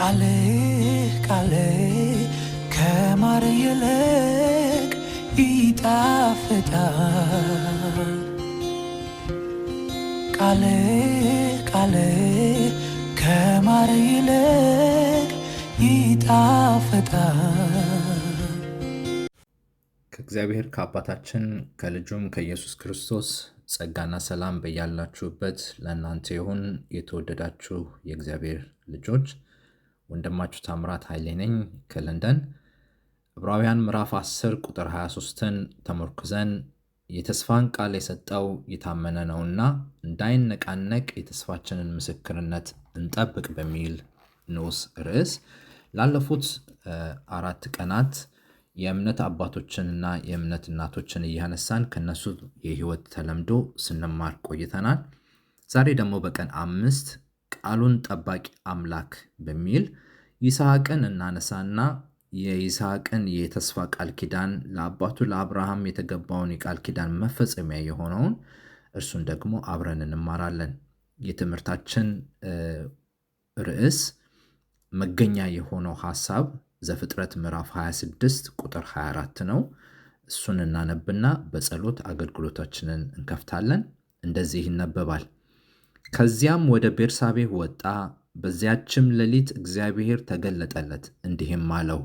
ቃሌ ቃሌ ከማር ይልቅ ይጣፍጣል። ቃሌ ቃሌ ከማር ይልቅ ይጣፍጣል። ከእግዚአብሔር ከአባታችን ከልጁም ከኢየሱስ ክርስቶስ ጸጋና ሰላም በያላችሁበት ለእናንተ ይሁን። የተወደዳችሁ የእግዚአብሔር ልጆች ወንድማችሁ ታምራት ኃይሌ ነኝ ከለንደን። ዕብራውያን ምዕራፍ 10 ቁጥር 23ን ተመርኩዘን የተስፋን ቃል የሰጠው የታመነ ነውና እንዳይነቃነቅ የተስፋችንን ምስክርነት እንጠብቅ በሚል ንዑስ ርዕስ ላለፉት አራት ቀናት የእምነት አባቶችንና የእምነት እናቶችን እያነሳን ከነሱ የህይወት ተለምዶ ስንማር ቆይተናል። ዛሬ ደግሞ በቀን አምስት ቃሉን ጠባቂ አምላክ በሚል ይስሐቅን እናነሳና የይስሐቅን የተስፋ ቃል ኪዳን ለአባቱ ለአብርሃም የተገባውን የቃል ኪዳን መፈጸሚያ የሆነውን እርሱን ደግሞ አብረን እንማራለን። የትምህርታችን ርዕስ መገኛ የሆነው ሐሳብ ዘፍጥረት ምዕራፍ 26 ቁጥር 24 ነው። እሱን እናነብና በጸሎት አገልግሎታችንን እንከፍታለን። እንደዚህ ይነበባል። ከዚያም ወደ ቤርሳቤህ ወጣ። በዚያችም ሌሊት እግዚአብሔር ተገለጠለት፣ እንዲህም አለው፣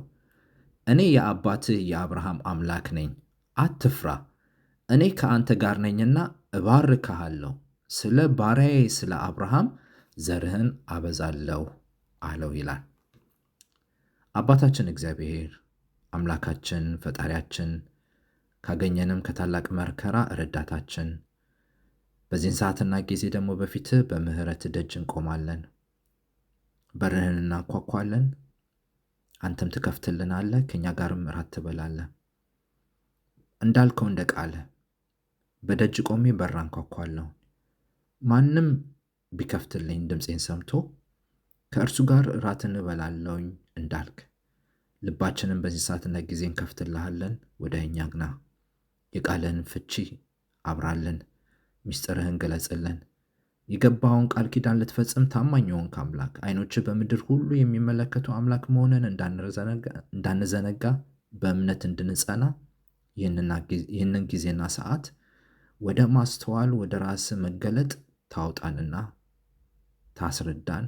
እኔ የአባትህ የአብርሃም አምላክ ነኝ፣ አትፍራ፣ እኔ ከአንተ ጋር ነኝና እባርክሃለሁ፣ ስለ ባሪያዬ ስለ አብርሃም ዘርህን አበዛለሁ አለው ይላል። አባታችን እግዚአብሔር አምላካችን ፈጣሪያችን ካገኘንም ከታላቅ መከራ ረዳታችን በዚህን ሰዓትና ጊዜ ደግሞ በፊት በምህረት ደጅ እንቆማለን። በርህን እናኳኳለን አንተም ትከፍትልናለ ከእኛ ጋርም እራት ትበላለ እንዳልከው እንደ ቃለ በደጅ ቆሜ በር አንኳኳለሁ። ማንም ቢከፍትልኝ ድምፄን ሰምቶ ከእርሱ ጋር ራት እንበላለውኝ እንዳልክ ልባችንን በዚህ ሰዓትና ጊዜ እንከፍትልሃለን። ወደ እኛ ግና ፍቺ አብራለን። ምስጢርህን ገለጽልን። የገባኸውን ቃል ኪዳን ልትፈጽም ታማኝ የሆንክ አምላክ፣ አይኖች በምድር ሁሉ የሚመለከቱ አምላክ መሆንን እንዳንዘነጋ በእምነት እንድንጸና ይህንን ጊዜና ሰዓት ወደ ማስተዋል ወደ ራስ መገለጥ ታውጣንና ታስረዳን፣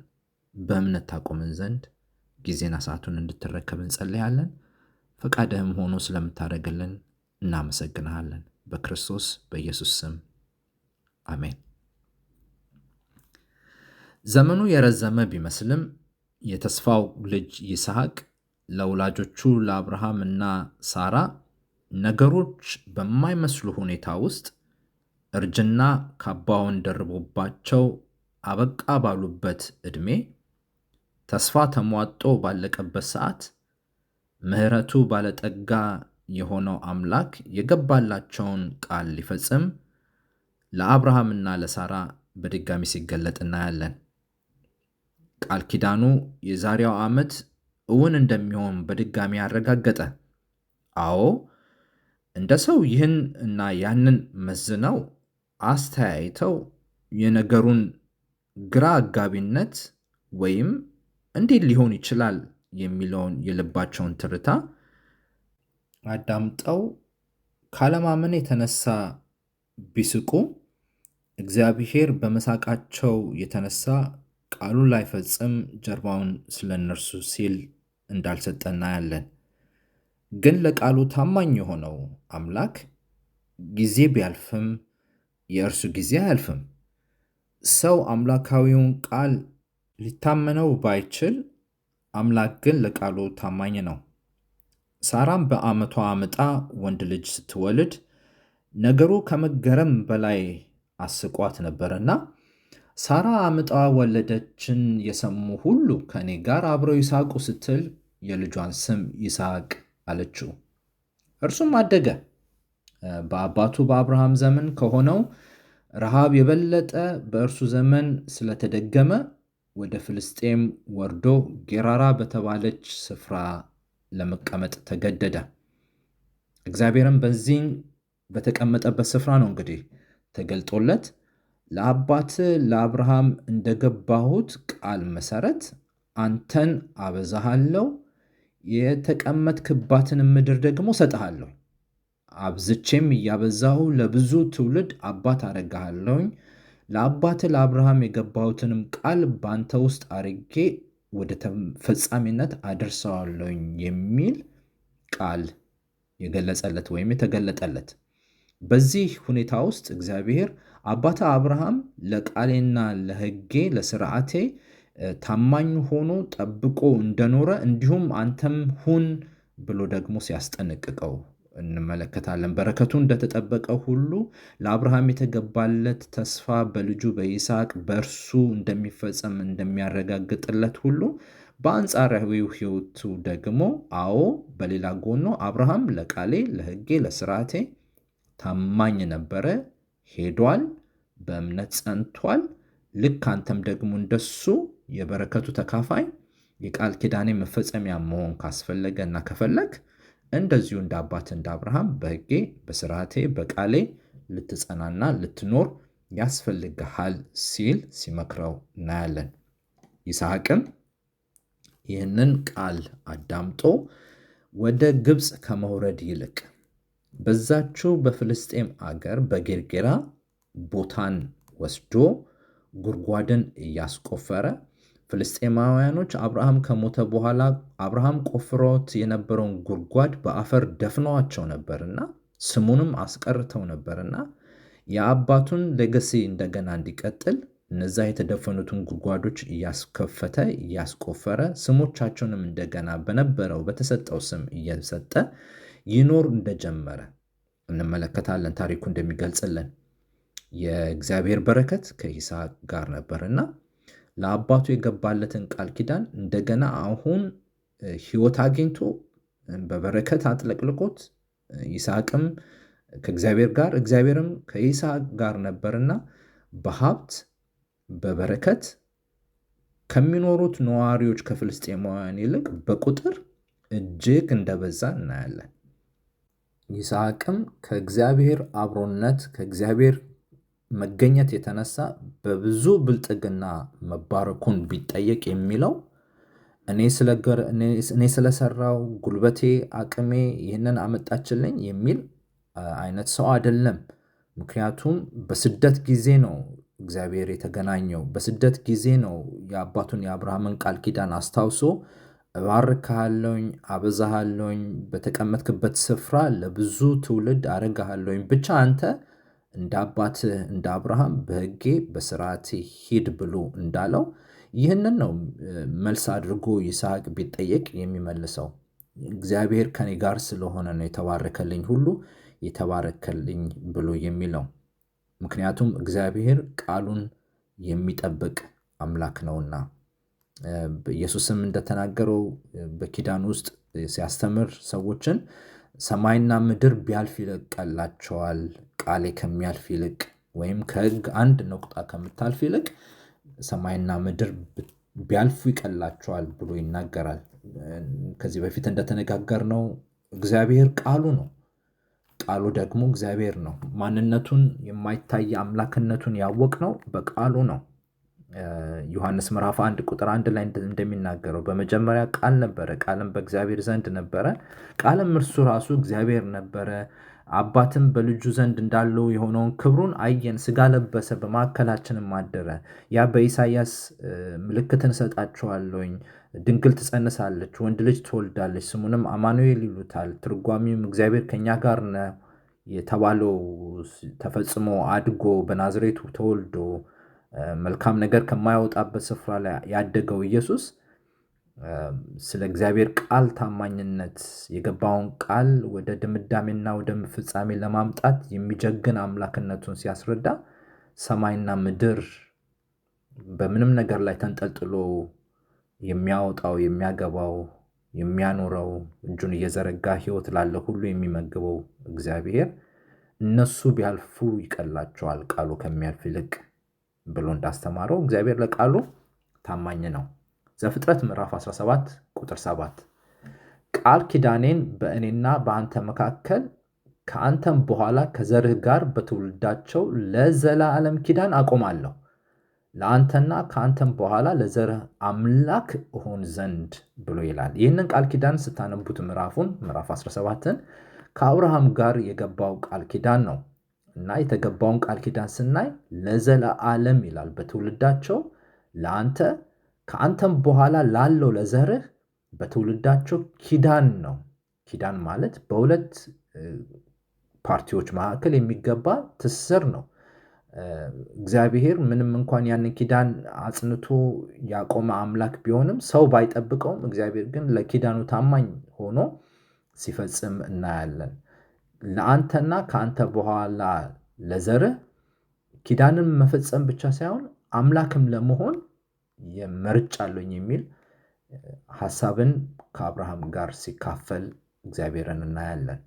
በእምነት ታቆምን ዘንድ ጊዜና ሰዓቱን እንድትረከብ እንጸለያለን። ፈቃድህም ሆኖ ስለምታደርግልን እናመሰግንሃለን። በክርስቶስ በኢየሱስ ስም አሜን። ዘመኑ የረዘመ ቢመስልም የተስፋው ልጅ ይስሐቅ ለወላጆቹ ለአብርሃም እና ሳራ ነገሮች በማይመስሉ ሁኔታ ውስጥ እርጅና ካባውን ደርቦባቸው አበቃ ባሉበት ዕድሜ ተስፋ ተሟጦ ባለቀበት ሰዓት ምሕረቱ ባለጠጋ የሆነው አምላክ የገባላቸውን ቃል ሊፈጽም ለአብርሃምና ለሳራ በድጋሚ ሲገለጥ እናያለን። ቃል ኪዳኑ የዛሬው ዓመት እውን እንደሚሆን በድጋሚ ያረጋገጠ። አዎ እንደ ሰው ይህን እና ያንን መዝነው አስተያይተው የነገሩን ግራ አጋቢነት ወይም እንዴት ሊሆን ይችላል የሚለውን የልባቸውን ትርታ አዳምጠው ካለማመን የተነሳ ቢስቁ እግዚአብሔር በመሳቃቸው የተነሳ ቃሉን ላይፈጽም ጀርባውን ስለ እነርሱ ሲል እንዳልሰጠ እናያለን። ግን ለቃሉ ታማኝ የሆነው አምላክ ጊዜ ቢያልፍም የእርሱ ጊዜ አያልፍም። ሰው አምላካዊውን ቃል ሊታመነው ባይችል፣ አምላክ ግን ለቃሉ ታማኝ ነው። ሳራም በዓመቷ አምጣ ወንድ ልጅ ስትወልድ ነገሩ ከመገረም በላይ አስቋት ነበርና ሳራ አምጣ ወለደችን የሰሙ ሁሉ ከእኔ ጋር አብረው ይሳቁ ስትል የልጇን ስም ይስሐቅ አለችው። እርሱም አደገ። በአባቱ በአብርሃም ዘመን ከሆነው ረሃብ የበለጠ በእርሱ ዘመን ስለተደገመ ወደ ፍልስጤም ወርዶ ጌራራ በተባለች ስፍራ ለመቀመጥ ተገደደ። እግዚአብሔርም በዚህ በተቀመጠበት ስፍራ ነው እንግዲህ ተገልጦለት ለአባት ለአብርሃም እንደገባሁት ቃል መሰረት አንተን አበዛሃለሁ፣ የተቀመጥክባትን ምድር ደግሞ ሰጠሃለሁ አብዝቼም እያበዛሁ ለብዙ ትውልድ አባት አረግሃለሁኝ። ለአባት ለአብርሃም የገባሁትንም ቃል በአንተ ውስጥ አርጌ ወደ ፈጻሚነት አደርሰዋለሁኝ የሚል ቃል የገለጸለት ወይም የተገለጠለት በዚህ ሁኔታ ውስጥ እግዚአብሔር አባተ አብርሃም ለቃሌና ለሕጌ ለስርዓቴ ታማኝ ሆኖ ጠብቆ እንደኖረ እንዲሁም አንተም ሁን ብሎ ደግሞ ሲያስጠነቅቀው እንመለከታለን። በረከቱ እንደተጠበቀ ሁሉ ለአብርሃም የተገባለት ተስፋ በልጁ በይስሐቅ በእርሱ እንደሚፈጸም እንደሚያረጋግጥለት ሁሉ በአንጻራዊው ሕይወቱ ደግሞ አዎ፣ በሌላ ጎኖ አብርሃም ለቃሌ ለሕጌ ለስርዓቴ ታማኝ ነበረ፣ ሄዷል፣ በእምነት ጸንቷል። ልክ አንተም ደግሞ እንደሱ የበረከቱ ተካፋይ የቃል ኪዳኔ መፈጸሚያ መሆን ካስፈለገ እና ከፈለግ እንደዚሁ እንደ አባት እንደ አብርሃም በሕጌ በስርዓቴ በቃሌ ልትጸናና ልትኖር ያስፈልግሃል ሲል ሲመክረው እናያለን። ይስሐቅም ይህንን ቃል አዳምጦ ወደ ግብፅ ከመውረድ ይልቅ በዛችው በፍልስጤም አገር በጌርጌራ ቦታን ወስዶ ጉድጓድን እያስቆፈረ ፍልስጤማውያኖች አብርሃም ከሞተ በኋላ አብርሃም ቆፍሮት የነበረውን ጉድጓድ በአፈር ደፍነዋቸው ነበርና ስሙንም አስቀርተው ነበርና የአባቱን ሌገሲ እንደገና እንዲቀጥል እነዛ የተደፈኑትን ጉድጓዶች እያስከፈተ እያስቆፈረ ስሞቻቸውንም እንደገና በነበረው በተሰጠው ስም እየሰጠ ይኖር እንደጀመረ እንመለከታለን። ታሪኩ እንደሚገልጽልን የእግዚአብሔር በረከት ከይስሐቅ ጋር ነበርና ለአባቱ የገባለትን ቃል ኪዳን እንደገና አሁን ሕይወት አግኝቶ በበረከት አጥለቅልቆት ይስሐቅም ከእግዚአብሔር ጋር እግዚአብሔርም ከይስሐቅ ጋር ነበርና በሀብት በበረከት ከሚኖሩት ነዋሪዎች ከፍልስጤማውያን ይልቅ በቁጥር እጅግ እንደበዛ እናያለን። ይስሐቅም ከእግዚአብሔር አብሮነት ከእግዚአብሔር መገኘት የተነሳ በብዙ ብልጥግና መባረኩን ቢጠየቅ የሚለው እኔ ስለሰራው ጉልበቴ፣ አቅሜ ይህንን አመጣችልኝ የሚል አይነት ሰው አይደለም። ምክንያቱም በስደት ጊዜ ነው እግዚአብሔር የተገናኘው። በስደት ጊዜ ነው የአባቱን የአብርሃምን ቃል ኪዳን አስታውሶ እባርካሃለውኝ አበዛሃለውኝ በተቀመጥክበት ስፍራ ለብዙ ትውልድ አረጋሃለሁኝ ብቻ አንተ እንደ አባትህ እንደ አብርሃም በህጌ በስርዓቴ ሂድ ብሎ እንዳለው ይህንን ነው መልስ አድርጎ ይስሐቅ ቢጠየቅ የሚመልሰው። እግዚአብሔር ከኔ ጋር ስለሆነ ነው የተባረከልኝ ሁሉ የተባረከልኝ ብሎ የሚለው ምክንያቱም እግዚአብሔር ቃሉን የሚጠብቅ አምላክ ነውና። ኢየሱስም እንደተናገረው በኪዳን ውስጥ ሲያስተምር ሰዎችን ሰማይና ምድር ቢያልፍ ይለቀላቸዋል፣ ቃሌ ከሚያልፍ ይልቅ ወይም ከህግ አንድ ነቁጣ ከምታልፍ ይልቅ ሰማይና ምድር ቢያልፉ ይቀላቸዋል ብሎ ይናገራል። ከዚህ በፊት እንደተነጋገርነው እግዚአብሔር ቃሉ ነው። ቃሉ ደግሞ እግዚአብሔር ነው። ማንነቱን የማይታይ አምላክነቱን ያወቅነው በቃሉ ነው። ዮሐንስ ምዕራፍ አንድ ቁጥር አንድ ላይ እንደሚናገረው በመጀመሪያ ቃል ነበረ፣ ቃልም በእግዚአብሔር ዘንድ ነበረ፣ ቃልም እርሱ ራሱ እግዚአብሔር ነበረ። አባትም በልጁ ዘንድ እንዳለው የሆነውን ክብሩን አየን፣ ስጋ ለበሰ፣ በማዕከላችንም አደረ። ያ በኢሳይያስ ምልክትን እሰጣችኋለሁኝ፣ ድንግል ትጸንሳለች፣ ወንድ ልጅ ትወልዳለች፣ ስሙንም አማኑኤል ይሉታል። ትርጓሚውም እግዚአብሔር ከእኛ ጋር ነው የተባለው ተፈጽሞ አድጎ በናዝሬቱ ተወልዶ መልካም ነገር ከማያወጣበት ስፍራ ላይ ያደገው ኢየሱስ ስለ እግዚአብሔር ቃል ታማኝነት የገባውን ቃል ወደ ድምዳሜና ወደ ፍጻሜ ለማምጣት የሚጀግን አምላክነቱን ሲያስረዳ ሰማይና ምድር በምንም ነገር ላይ ተንጠልጥሎ የሚያወጣው የሚያገባው የሚያኖረው እጁን እየዘረጋ ህይወት ላለ ሁሉ የሚመግበው እግዚአብሔር እነሱ ቢያልፉ ይቀላቸዋል ቃሉ ከሚያልፍ ይልቅ ብሎ እንዳስተማረው እግዚአብሔር ለቃሉ ታማኝ ነው። ዘፍጥረት ምዕራፍ 17 ቁጥር 7 ቃል ኪዳኔን በእኔና በአንተ መካከል ከአንተም በኋላ ከዘርህ ጋር በትውልዳቸው ለዘላለም ኪዳን አቆማለሁ ለአንተና ከአንተም በኋላ ለዘርህ አምላክ እሆን ዘንድ ብሎ ይላል። ይህንን ቃል ኪዳን ስታነቡት ምዕራፉን ምዕራፍ 17ን ከአብርሃም ጋር የገባው ቃል ኪዳን ነው። እና የተገባውን ቃል ኪዳን ስናይ ለዘለዓለም ይላል በትውልዳቸው ለአንተ ከአንተም በኋላ ላለው ለዘርህ በትውልዳቸው ኪዳን ነው። ኪዳን ማለት በሁለት ፓርቲዎች መካከል የሚገባ ትስስር ነው። እግዚአብሔር ምንም እንኳን ያንን ኪዳን አጽንቶ ያቆመ አምላክ ቢሆንም ሰው ባይጠብቀውም፣ እግዚአብሔር ግን ለኪዳኑ ታማኝ ሆኖ ሲፈጽም እናያለን። ለአንተና ከአንተ በኋላ ለዘርህ ኪዳንን መፈጸም ብቻ ሳይሆን አምላክም ለመሆን የመርጫለኝ የሚል ሀሳብን ከአብርሃም ጋር ሲካፈል እግዚአብሔርን እናያለን።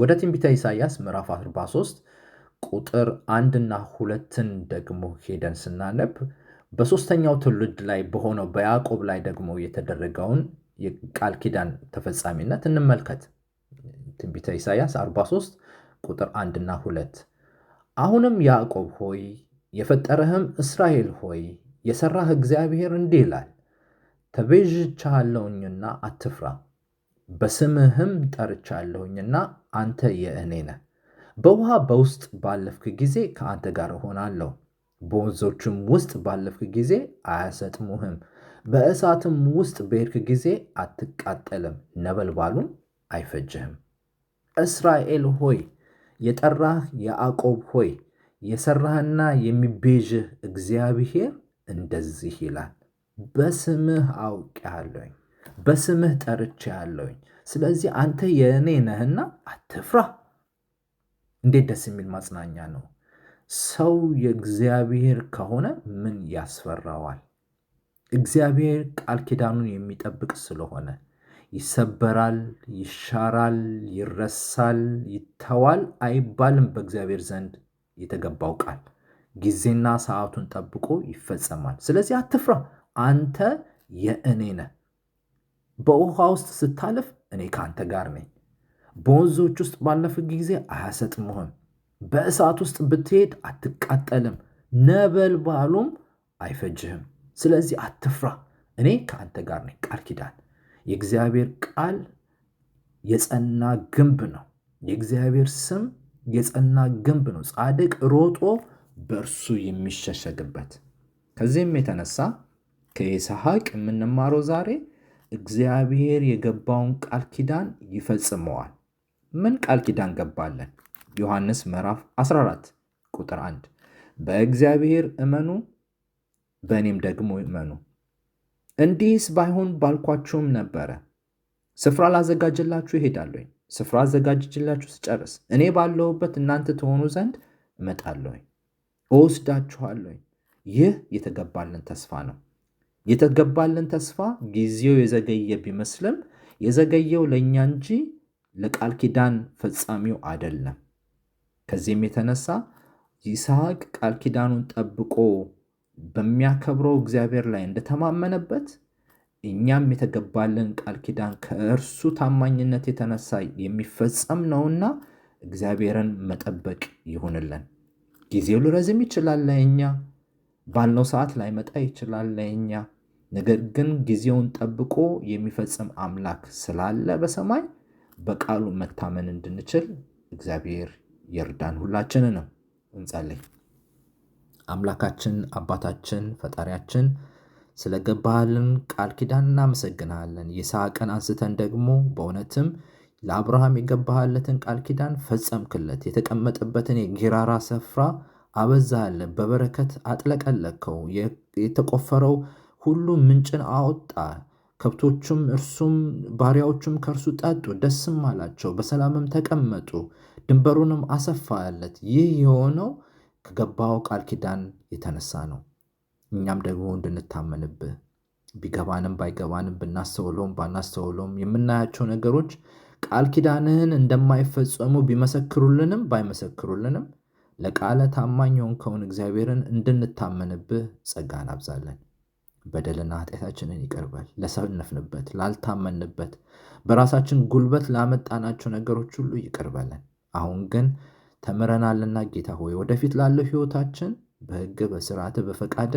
ወደ ትንቢተ ኢሳያስ ምዕራፍ 43 ቁጥር አንድና ሁለትን ደግሞ ሄደን ስናነብ በሶስተኛው ትውልድ ላይ በሆነው በያዕቆብ ላይ ደግሞ የተደረገውን የቃል ኪዳን ተፈጻሚነት እንመልከት። ትንቢተ ኢሳያስ 43 ቁጥር 1 እና 2 አሁንም ያዕቆብ ሆይ የፈጠረህም እስራኤል ሆይ የሠራህ እግዚአብሔር እንዲህ ይላል፣ ተቤዥቻለውኝና አትፍራ፣ በስምህም ጠርቻለሁኝና አንተ የእኔ ነህ። በውሃ በውስጥ ባለፍክ ጊዜ ከአንተ ጋር እሆናለሁ፣ በወንዞችም ውስጥ ባለፍክ ጊዜ አያሰጥሙህም፣ በእሳትም ውስጥ በሄድክ ጊዜ አትቃጠልም፣ ነበልባሉም አይፈጅህም። እስራኤል ሆይ የጠራህ ያዕቆብ ሆይ የሠራህና የሚቤዥህ እግዚአብሔር እንደዚህ ይላል፣ በስምህ አውቄሃለሁኝ፣ በስምህ ጠርቼሃለሁኝ። ስለዚህ አንተ የእኔ ነህና አትፍራ። እንዴት ደስ የሚል ማጽናኛ ነው! ሰው የእግዚአብሔር ከሆነ ምን ያስፈራዋል? እግዚአብሔር ቃል ኪዳኑን የሚጠብቅ ስለሆነ ይሰበራል፣ ይሻራል፣ ይረሳል፣ ይተዋል አይባልም። በእግዚአብሔር ዘንድ የተገባው ቃል ጊዜና ሰዓቱን ጠብቆ ይፈጸማል። ስለዚህ አትፍራ፣ አንተ የእኔ ነህ። በውሃ ውስጥ ስታልፍ እኔ ከአንተ ጋር ነኝ። በወንዞች ውስጥ ባለፍ ጊዜ አያሰጥምህም። በእሳት ውስጥ ብትሄድ አትቃጠልም፣ ነበልባሉም አይፈጅህም። ስለዚህ አትፍራ፣ እኔ ከአንተ ጋር ነኝ። ቃል ኪዳን የእግዚአብሔር ቃል የጸና ግንብ ነው። የእግዚአብሔር ስም የጸና ግንብ ነው። ጻድቅ ሮጦ በእርሱ የሚሸሸግበት። ከዚህም የተነሳ ከይስሐቅ የምንማረው ዛሬ እግዚአብሔር የገባውን ቃል ኪዳን ይፈጽመዋል። ምን ቃል ኪዳን ገባለን? ዮሐንስ ምዕራፍ 14 ቁጥር 1 በእግዚአብሔር እመኑ፣ በእኔም ደግሞ እመኑ እንዲህስ ባይሆን ባልኳችሁም ነበረ። ስፍራ ላዘጋጅላችሁ እሄዳለሁኝ። ስፍራ አዘጋጅላችሁ ስጨርስ እኔ ባለሁበት እናንተ ትሆኑ ዘንድ እመጣለሁኝ፣ እወስዳችኋለሁኝ። ይህ የተገባልን ተስፋ ነው። የተገባልን ተስፋ ጊዜው የዘገየ ቢመስልም የዘገየው ለእኛ እንጂ ለቃል ኪዳን ፈጻሚው አይደለም። ከዚህም የተነሳ ይስሐቅ ቃል ኪዳኑን ጠብቆ በሚያከብረው እግዚአብሔር ላይ እንደተማመነበት እኛም የተገባልን ቃል ኪዳን ከእርሱ ታማኝነት የተነሳ የሚፈጸም ነውና እግዚአብሔርን መጠበቅ ይሁንልን። ጊዜው ሊረዝም ይችላል ለእኛ፣ ባለው ሰዓት መጣ ይችላል ለእኛ። ነገር ግን ጊዜውን ጠብቆ የሚፈጽም አምላክ ስላለ በሰማይ በቃሉ መታመን እንድንችል እግዚአብሔር ይርዳን። ሁላችንንም እንጸልይ። አምላካችን አባታችን ፈጣሪያችን ስለገባህልን ቃል ኪዳን እናመሰግናለን። ይስሐቅን አንስተን ደግሞ በእውነትም ለአብርሃም የገባህለትን ቃል ኪዳን ፈጸምክለት። የተቀመጠበትን የጌራራ ስፍራ አበዛህለት፣ በበረከት አጥለቀለከው። የተቆፈረው ሁሉ ምንጭን አወጣ። ከብቶቹም እርሱም ባሪያዎቹም ከእርሱ ጠጡ፣ ደስም አላቸው፣ በሰላምም ተቀመጡ። ድንበሩንም አሰፋለት። ይህ የሆነው ከገባው ቃል ኪዳን የተነሳ ነው። እኛም ደግሞ እንድንታመንብህ ቢገባንም ባይገባንም ብናስተውለውም ባናስተውለውም የምናያቸው ነገሮች ቃል ኪዳንህን እንደማይፈጸሙ ቢመሰክሩልንም ባይመሰክሩልንም ለቃለ ታማኝ የሆንከውን እግዚአብሔርን እንድንታመንብህ ጸጋ አብዛለን። በደልና ኃጢአታችንን ይቀርበል። ለሰነፍንበት፣ ላልታመንበት፣ በራሳችን ጉልበት ላመጣናቸው ነገሮች ሁሉ ይቅርበለን። አሁን ግን ተምረናልና ጌታ ሆይ ወደፊት ላለው ህይወታችን በሕግ በስርዓት በፈቃደ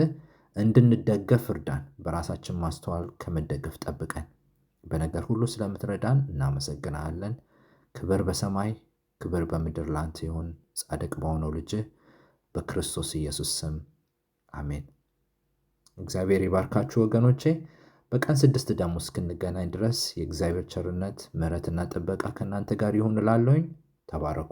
እንድንደገፍ እርዳን። በራሳችን ማስተዋል ከመደገፍ ጠብቀን። በነገር ሁሉ ስለምትረዳን እናመሰግናለን። ክብር በሰማይ ክብር በምድር ላንተ ይሁን፣ ጻድቅ በሆነው ልጅ በክርስቶስ ኢየሱስ ስም አሜን። እግዚአብሔር ይባርካችሁ ወገኖቼ። በቀን ስድስት ደግሞ እስክንገናኝ ድረስ የእግዚአብሔር ቸርነት ምሕረትና ጥበቃ ከእናንተ ጋር ይሁን እላለሁኝ። ተባረኩ።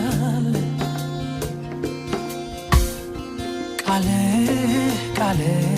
vale.